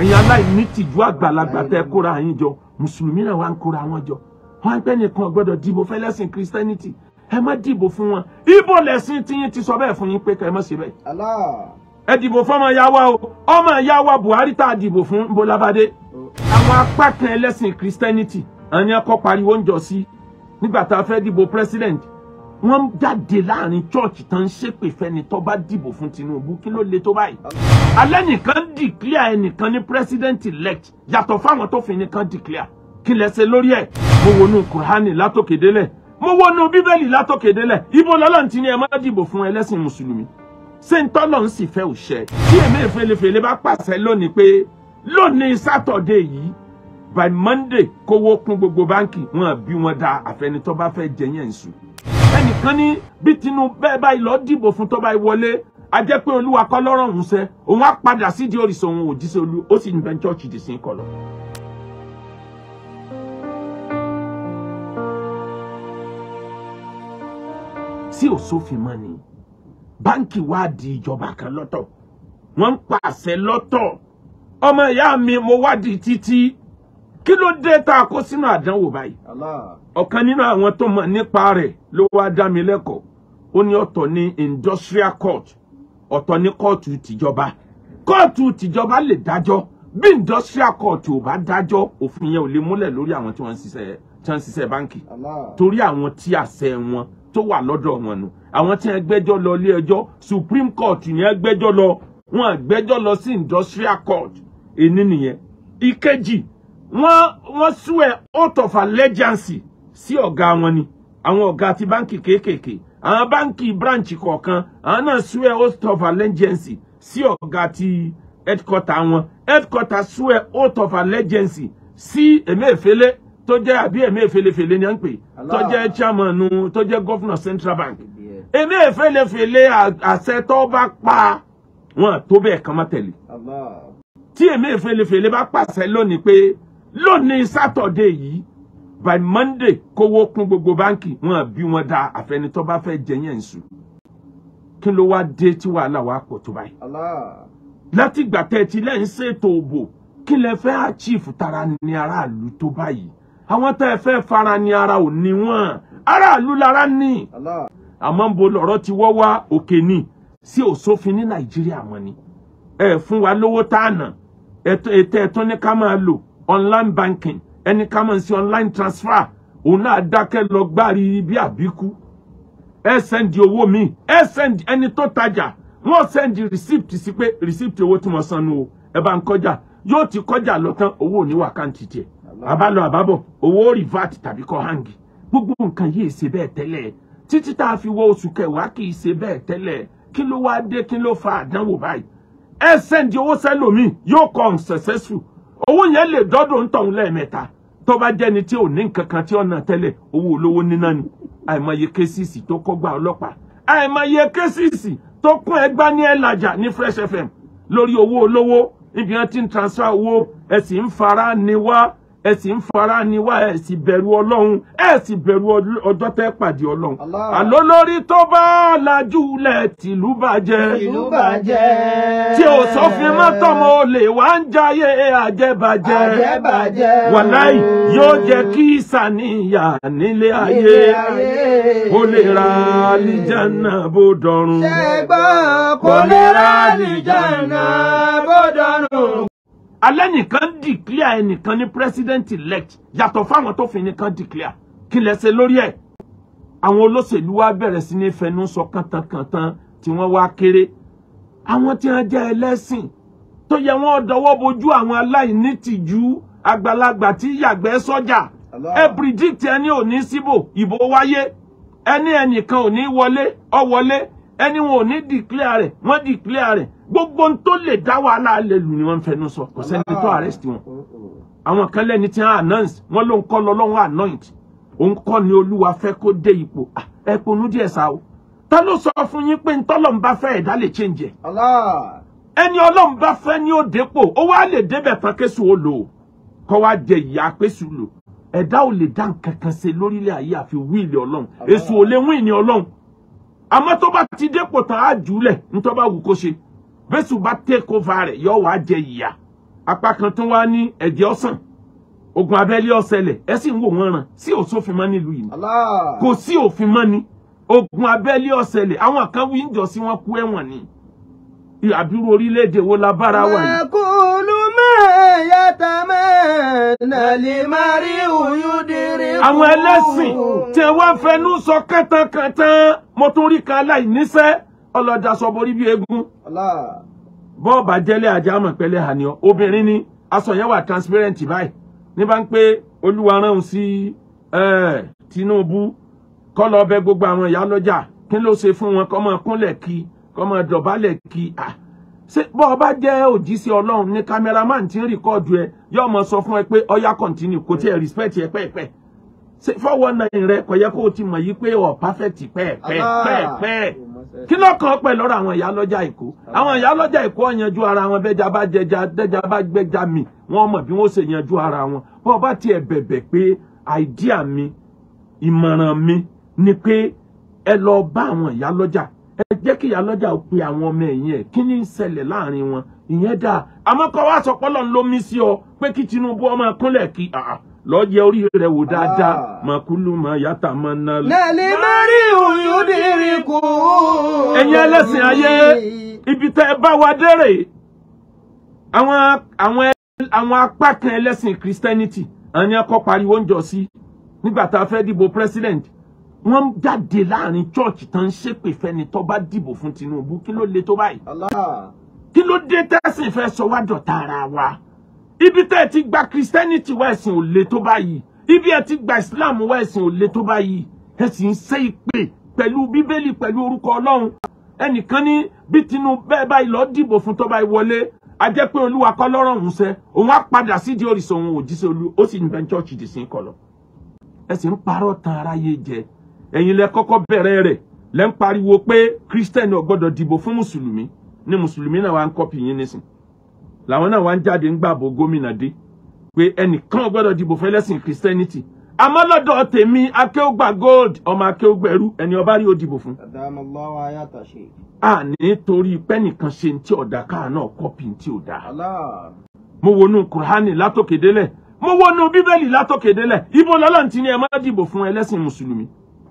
ẹ̀yin aláìní tìjú àgbàlagbà tẹ́ kóra yín jọ mùsùlùmí náà wá ń kóra wọn jọ wọn á pẹ́ nìkan gbọ́dọ̀ dìbò fẹ́lẹ́sìn christianity ẹ má dìbò fún wọn ibo lẹ̀sìn tiyín ti sọ bẹ́ẹ̀ fún yín pé kẹ́ ẹ má ṣe bẹ́ẹ̀. ẹ dìbò fún ọmọ yàwá o ọmọ yàwá buhari tá a dìbò fún bolabade àwọn apá kan ẹlẹ́sìn christianity àwọn ẹ̀kọ́ pariwo ń jọ sí nígbà tá a fẹ́ dìbò president wọ́n jáde láàrin church tán ń ṣépè fẹ́ni tó bá dìbò fún Tinubu kí ló le tó báyìí. alẹ́ nìkan dìclíà ẹnìkan ní president elect yàtọ̀ fáwọn tó fi nìkan dìclíà kí lẹ ṣe lórí ẹ̀. mo wọnú kùránì látòkè délẹ̀ mo wọnú bíbélì látòkè délẹ̀ ibo lọ́lọ́run ti ní ẹ má dìbò fún ẹlẹ́sìn mùsùlùmí. ṣé ń tọ́lọ̀ ń sì fẹ́ òṣẹ́ tí èmi ìfelefele bá pàṣẹ lónìí pé lónìí sátọ̀dé yìí by monday kówó kún gbogbo báńkì wọn bí wọn da àfẹnitọ́ bá fẹ́ jẹyàn ìsùn ẹnìkan ní bí Tinubu bẹ́ẹ̀ báyìí lọ dìbò fún tó bá wọlé a jẹ́ pé olúwa kọ́ lọ́rọ̀ òun sẹ́ òun á padà sídìí òrìṣà òun ò olú ó sì ń bẹ dì sí kọlọ. sí òsófin mọ́ ni báńkì wá di ìjọba kan lọ́tọ̀ wọ́n ń pàṣẹ lọ́tọ̀ ọmọ ìyá mi mo wádìí títí kí ló dé tá a sínú àdánwò báyìí ọ̀kan nínú àwọn tó mọ̀ nípa rẹ̀ ló wá dá mi lẹ́kọ̀ọ́ ó ní ọ̀tọ̀ ní industrial court ọ̀tọ̀ ní kóòtù tìjọba kóòtù tìjọba lè dájọ́ bí industrial court ò bá dájọ́ òfin yẹn ò lè múlẹ̀ lórí àwọn tí wọ́n ń ṣiṣẹ́ tí wọ́n ń ṣiṣẹ́ báǹkì torí àwọn tí àṣẹ wọn tó wà lọ́dọ̀ wọn nù àwọn tí wọ́n gbẹ́jọ́ lọ ilé ẹjọ́ supreme court yẹn gbẹ́jọ́ lọ wọn gbẹ́jọ́ lọ sí industrial court èní nìyẹn ìkejì wọ́n wọ́n swear oath of allegiance sí ọ̀gá wọn ni àwọn ọ̀gá ti báǹkì kéékèèké àwọn báǹkì branch kọ̀ọ̀kan àwọn náà swear oath of allegiance sí ọ̀gá ti headquarter wọn headquarter swear oath of allegiance sí emefiele tó jẹ́ àbí emefielefele ni à ń pè tó jẹ́ chairman tó jẹ́ governor central bank emefielefele àṣẹ tó bá pa wọn tó bẹ́ẹ̀ kan má tẹ̀lé tí emefielefele bá pàṣẹ lónìí pé lónìí sátọ̀dé yìí by monday kówó kún gbogbo báǹkì wọn bí wọn dá àfẹnitọ́ bá fẹ́ jẹyàn nsù kí ló wá dé tí wàhálà wa pọ̀ tó báyìí. Allah. ìgbà tẹ́ ẹ ti lẹ́yìn ṣètò òbò kí lẹ fẹ́ àchífù tara ni aráàlú tó báyìí àwọn tẹ́ ẹ fẹ́ fara ni ara ò ní wọ́n aráàlú lára ní. àmọ́ ń bo lọ̀rọ̀ ti wọ́ wá òkè ni sí òsófin ní nàìjíríà mọ́ ni ẹ fún wa lówó tàànà ètò ẹ̀tọ́ ní ká máa lò online banking ẹni ká máa ń online transfer òun náà dákẹ́ lọ gbárí bí àbíkú ẹ sẹ́ndì owó mi ẹ sẹ́ndì ẹni tó tajà wọ́n sẹ́ndì receipt sí pé receipt owó tí mo sanu o ẹ bá ń kọjá yóò ti kọjá lọ tán owó ní wákàntì tiẹ̀ àbálọ àbábọ̀ owó rìvát tàbí kọ́ hangi gbogbo nǹkan yìí ṣe bẹ́ẹ̀ tẹ́lẹ̀ títí tá a fi wọ oṣù kẹwàá kì í ṣe bẹ́ẹ̀ tẹ́lẹ̀ kí ló wá dé kí ló fa àdánwò báyìí ẹ sẹ́ndì owó sẹ́lòmíì yóò kọ́ ọ̀hún successful owó yẹn lè dọ́dọ̀ tọ̀hún lẹ́ẹ̀mẹ́ta tó bá jẹ́ni tí ò ní nǹkan kan tí ọ̀nà tẹ́lẹ̀ owó olówó níná ni àìmọye késìsì tó kọ́gbà ọlọ́pàá àìmọye késìsì tó kún ẹgbá ní ẹ̀làjà ní Fresh FM lórí owó olówó ibi wọn ti ń transfer owó ẹ ń fara ni wá ń fara ni wá bẹ̀rù ọlọ́run ẹ bẹ̀rù ọjọ́ tẹ́ pàdé ọlọ́run àlọ́ lórí tó bá lajú lẹ̀ tìlú bàjẹ́. tìlú bàjẹ́ kò sófin mọ́tò mo lè wá ń jayé àjẹbàjẹ́ wàláì yóò jẹ́ kí sàníyàn nílé ayé kò lè ra àlìjánà bó dọ̀run. ṣẹ́gbọ́n kò lè ra àlìjánà bó dọ̀run. alẹ́ nìkan dìclare ẹnìkan ní president elect yàtọ̀ fáwọn tó fi nìkan dìclare kí lẹ ṣe lórí ẹ̀ àwọn olóṣèlú wa bẹ̀rẹ̀ sí ní fẹnu sọ kàntankàntan tí wọ́n wá kéré àwọn tí wọ́n jẹ́ ẹlẹ́sìn tó yẹ wọ́n dọwọ́ bojú àwọn aláìnítìjú àgbàlagbà tí yàgbẹ́ sọ́jà ẹ predict ẹni ò ní síbò ìbò wáyé ẹni ẹnìkan ò ní wọlé ọ wọlé ẹni wọn ò ní declare rẹ̀ wọ́n declare rẹ̀ gbogbo ohun tó lè dá wàhálà alẹ́ lù ni wọ́n ń fẹnu sọ kò sẹ́ni tó arrest wọn àwọn kan lẹ́ni tí wọ́n announce wọ́n ló ń kọ́ lọ́lọ́run anoint òun kọ́ ni olúwa fẹ́ kó dé ipò ah, ẹ ponú díẹ̀ sáà ta ló sọ fún yín pé ntọ́lọ́n bá fẹ́ ẹ̀dá lè change ẹ̀. ẹni ọlọ́run bá fẹ́ ní ó dépò ó wá lè débẹ̀ tán kéṣù ó lò ó kọ́ wá jẹ ìyá péṣù lò ẹ̀dá ò lè dá nǹkan kan ṣe lórílẹ̀ ayé àfi wíìlì ọlọ́run èṣù ò lè wíìn ọlọ́run àmọ́ tó bá ti dépò tán á jùúlẹ̀ nítorí bá wù kó ṣe péṣù bá take over rẹ̀ yọ wá jẹ ìyá apá kan tó wá ní ẹ̀jẹ̀ ọ̀sán ogun abẹ́lé ọ̀sẹ̀lẹ̀ ẹ sì ń wò wọ́n ràn sí òsófin mọ́ nílùú yìí kò sí òfin mọ́ ni ogun abẹ́lé ọ̀sẹ̀lẹ̀ àwọn kan wí ń jọ sí wọn kú ẹ̀wọ̀n ni àbúrò orílẹ̀-èdè wo la bára wà yìí. wàkúlù mẹ́ẹ̀yàtà mẹ́ẹ̀nàlì máa rí òyúndínrín kú. àwọn ẹlẹ́sìn tí wọ́n fẹnu sọ kẹ́tànkẹ́tàn mo tún rí kan aláìníṣẹ́ ọlọ́jà sọ borí bí eégún. bọ́ọ̀bà jẹ́lẹ̀ ajá mọ̀ pẹ́lẹ́ hàn yọ obìnrin ni aṣọ yẹn wà transparent báyìí ní bá ń pé olúwa rán sí Tinubu kó lọ bẹ gbogbo àwọn ìyá lọ́jà kí ló ṣe fún wọn kó máa kúnlẹ̀ kí kó máa dọ̀bálẹ̀ kí à ṣé bó o bá jẹ́ òjíṣẹ́ ní cameraman tí ń rìkọ́ọ̀dù ẹ yóò mọ sọ fún ẹ pé ọyá continue kò tiẹ̀ respect ẹ pẹ́ẹ́pẹ́ ṣe fọwọ́ náà rẹ kò yẹ kó o ti mọ̀ yí pé ọ̀ perfect pẹ́ẹ́pẹ́ ah, pẹ́ẹ́pẹ́ ah, ah, kí ló kàn pẹ̀ lọ́rọ̀ àwọn ìyá lọ́jà èkó àwọn ìyá lọ́jà èkó ọ̀yanjú ara wọn bẹ́jà bá jẹjà dẹ́jà bá gbẹ́jà mi wọn mọ̀ bí wọ́n ṣe yanjú ara wọn bó o bá tiẹ̀ pé idea mi ìmọ̀ràn mi ni pé ẹ lọ bá àwọn ìyálọ́jà ẹ jẹ́ kí ìyálọ́jà ó pe àwọn ọmọ ẹ̀yìn ẹ̀ kí ni ń ṣẹlẹ̀ láàrin wọn ìyẹn dáa àmọ́ kọ́ wá sọ pọ́lọ́ ń lómi sí ọ pé kí Tinubu ọmọ kúnlẹ̀ kí lọ yẹ orí rẹ wò dáadáa ah. màkúlù mà yàtà mà nà lọ. lẹ́lẹ́ mẹ́rin òyìn dìrì kù. ẹ̀yin ẹlẹ́sìn ayé ibi tẹ́ ẹ wa dérè àwọn àwọn àwọn apá kan ẹlẹ́sìn Christianity àwọn ni a kọ́ pariwo ń jọ sí nígbà tá a fẹ́ dìbò president wọ́n jáde láàrin church tán ń ṣépè fẹ́ni tó bá dìbò fún Tinubu kí ló le tó báyìí kí ló dé tẹ́sìn fẹ́ sọ wá dọ̀tá ara wa ibi tẹ́ ẹ ti gba Christianity wá ẹ̀sìn ò le tó báyìí ibi ẹ ti gba Islam wá ẹ̀sìn ò le tó báyìí ẹ sì ń ṣe ìpè pẹ̀lú Bíbélì pẹ̀lú orúkọ Ọlọ́run ẹnìkan ní bí Tinubu bẹ́ẹ̀ báyìí lọ dìbò fún tó bá wọlé a jẹ́ pé olúwa kọ́ lọ́rọ̀ òun sẹ́ òun á padà sídìí òrìṣà òun òjíṣẹ́ olú ó sì ń bẹ church dì sí kọlọ ẹ sì ń parọ́ tan aráyé jẹ ẹ̀yin lẹ kọ́kọ́ bẹ̀rẹ̀ rẹ̀ lẹ ń pariwo pé kírísítẹ́nì ò gbọ́dọ̀ dìbò fún mùsùlùmí ní mùsùlùmí náà wá ń kọ́pì yín nísìn làwọn náà wá ń jáde ń gbàbò gómìnà dé pé ẹnìkan gbọ́dọ̀ dìbò fún ẹlẹ́sìn kírísítẹ́nìtì àmọ́ lọ́dọ̀ tèmi akéwògbà gold ọmọ akéwògbẹ̀rú ẹni ọba rí o dìbò fún. a ní torí pẹ́nìkan ṣe ní tí ọ̀dà káà náà kọ́pì ní tí ò mo wọnú kùránì látòkèdélẹ̀ mo wọnú bíbélì látòkèdélẹ̀ ibo lọ́lọ́run ti ní ẹ má dìbò fún ẹlẹ́sìn mùsùlùmí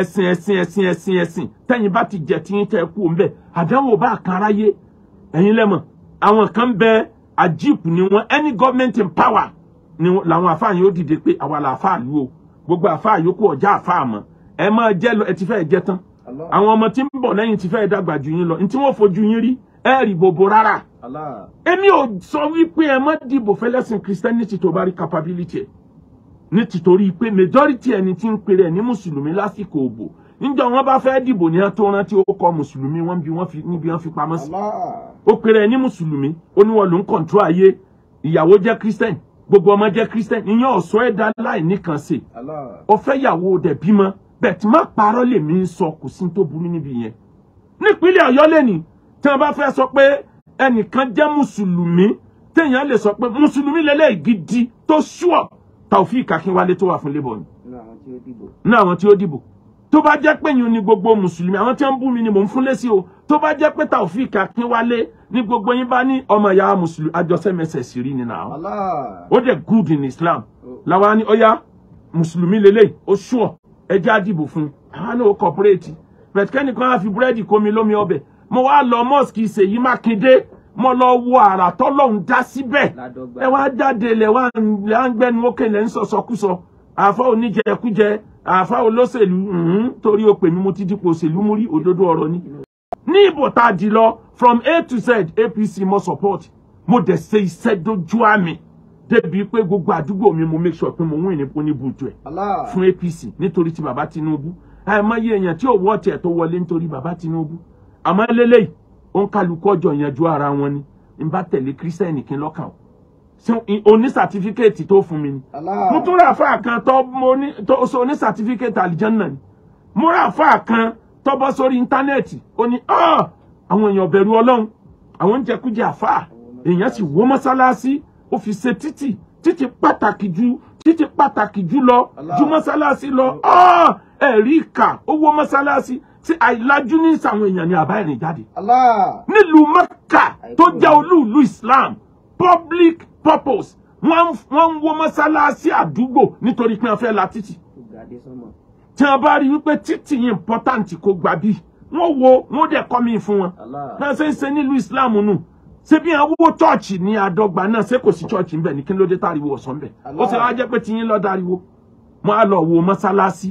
ẹ̀sìn ẹ̀sìn ẹ̀sìn ẹ̀sìn ẹ̀sìn tẹ́yìn bá ti jẹ tíyín tẹ́ kú ńbẹ̀ àdánwò bá kan aráyé ẹ̀yin lẹ́mọ̀ àwọn kan bẹ àjíìpù ni wọn any government in power ni làwọn àfáà yóò dìde pé àwa là àfáà lu o gbogbo àfáà yòókù ọjà àfáà mọ̀ ẹ máa jẹ́ lọ ẹ ti fẹ́ jẹ tán àwọn ọmọ tí ń bọ̀ lẹ́yìn ti fẹ́ dàgbà jù yín lọ ntí wọ́n fojú yín rí ẹ rí bòbò rárá èmi ò sọ wípé ẹ má dìbò fẹ́lẹ́sìn christianity tó bá rí capability ní tìtorí pé majority ẹni tí ń pèrè ní mùsùlùmí lásìkò òbò níjọ́ wọn bá fẹ́ẹ́ dìbò ní tó rántí ó kọ mùsùlùmí wọn bí wọn fi níbi wọn fi pamọ́ sí ó pèrè ní mùsùlùmí ó ní wọn ló ń kọńtró ayé ìyàwó jẹ́ christian gbogbo ọmọ jẹ́ christian ìyẹn ọsọ ẹ̀dá láì nìkan ṣe ọfẹ yàwó dẹ bímọ bẹ́ẹ̀ má parọ́ lèmi ń sọ kò sí tó burú níbi yẹn nípínlẹ̀ Ọ̀yọ́ lẹni tí wọn bá fẹ́ẹ́ sọ pé ẹnìkan jẹ́ mùsùlùmí téèyàn lè sọ pé mùsùlùmí lẹlẹ gidi tó ṣùọ Taofik Akínwálé tó wà fún labour ni náà àwọn tí ó dìbò tó bá jẹ́ pé yín ni gbogbo mùsùlùmí àwọn tí wọ́n ń bú mi ni mò ń fún lésì o tó bá jẹ́ pé Taofik Akínwálé ni gbogbo yín bá ní ọmọ ìyá mùsùlùmí àjọṣẹ́mẹsẹ̀ sì rí ni náà ó dẹ̀ good in Islam làwọn ni ọ̀yá mùsùlùmí lélẹ̀ ó ṣùọ̀ ẹjẹ́ àdìbò fún àwọn náà ó kọ̀pọ̀rẹ́tì pẹ̀tùkẹ́nìkan á fi búrẹ́dì kómi lómi ọbẹ̀ mo wá lọ mọ́ọ̀sì kì í ṣèyí mo lọ wo àrà tọ́lọ́hún dá síbẹ̀ ẹ wá jáde lẹ̀ wá ń gbẹ́nu ókè lẹ́ ń sọ̀sọ̀kúsọ àfa oníjẹkújẹ àfa olóṣèlú torí o pè mí mo ti dípò òṣèlú mú rí òdodo ọ̀rọ̀ ni. ní ìbò tá a from A to Z APC mo support mo dẹ̀ ṣe iṣẹ́ dojú àmì débi pé gbogbo àdúgbò mi mo make sure pé mo win ní bùjọ ẹ̀ fún APC nítorí ti bàbá Tinubu àìmọye èèyàn tí ò wọ́ tiẹ̀ tó wọlé nítorí bàbá Tinubu àmọ́ lélẹ́yìí òǹkàlùkù ọjọ́ ìyanjú ara wọn ni n bá tẹ̀lé kírísítẹ́nì kí n lọ́kàn o oní sàtífíkẹ́ẹ̀tì tó fún mi ni mo tún ra àfáà kan tó so oní sàtífíkẹ́ẹ̀tì àlìjánná ni mo ra àfáà kan tó bọ́ sórí íńtánẹ́ẹ̀tì ó ní ah, àwọn èèyàn bẹ̀rù ọlọ́run àwọn ń jẹkújẹ àfáà èèyàn sì wó mọ́sálásí ó fi ṣe títì títì pàtàkì ju títì pàtàkì jù lọ ju mọ́sálásí lọ ah, ẹ̀rí ìkà ó wó mọ́sálásí ṣé àìlájú ní sàwọn èèyàn ni àbá ìrìn jáde. nílùú mẹ́kà tó jẹ́ olúùlú islam public purpose wọ́n ń wó mọ́sálásí àdúgbò nítorí pé wọ́n fẹ́ la títì. tí wọ́n bá rí wípé títì yìí important kó gbà bí wọ́n wo wọ́n dẹ̀ kọ́ mi fún wọn. náà ṣe ń ṣe nílùú islam nù ṣé bí àwọn owó chọ́ọ̀chì ní àdọ́gba náà ṣé kò sí chọ́ọ̀chì ńbẹ̀ ní kí ló dé táriwo ọ̀sán bẹ̀. ó ṣe wá jẹ́ pé tiyín lọ́ọ́ dáriwo wọ́n á lọ wo mọ́sálásí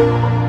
you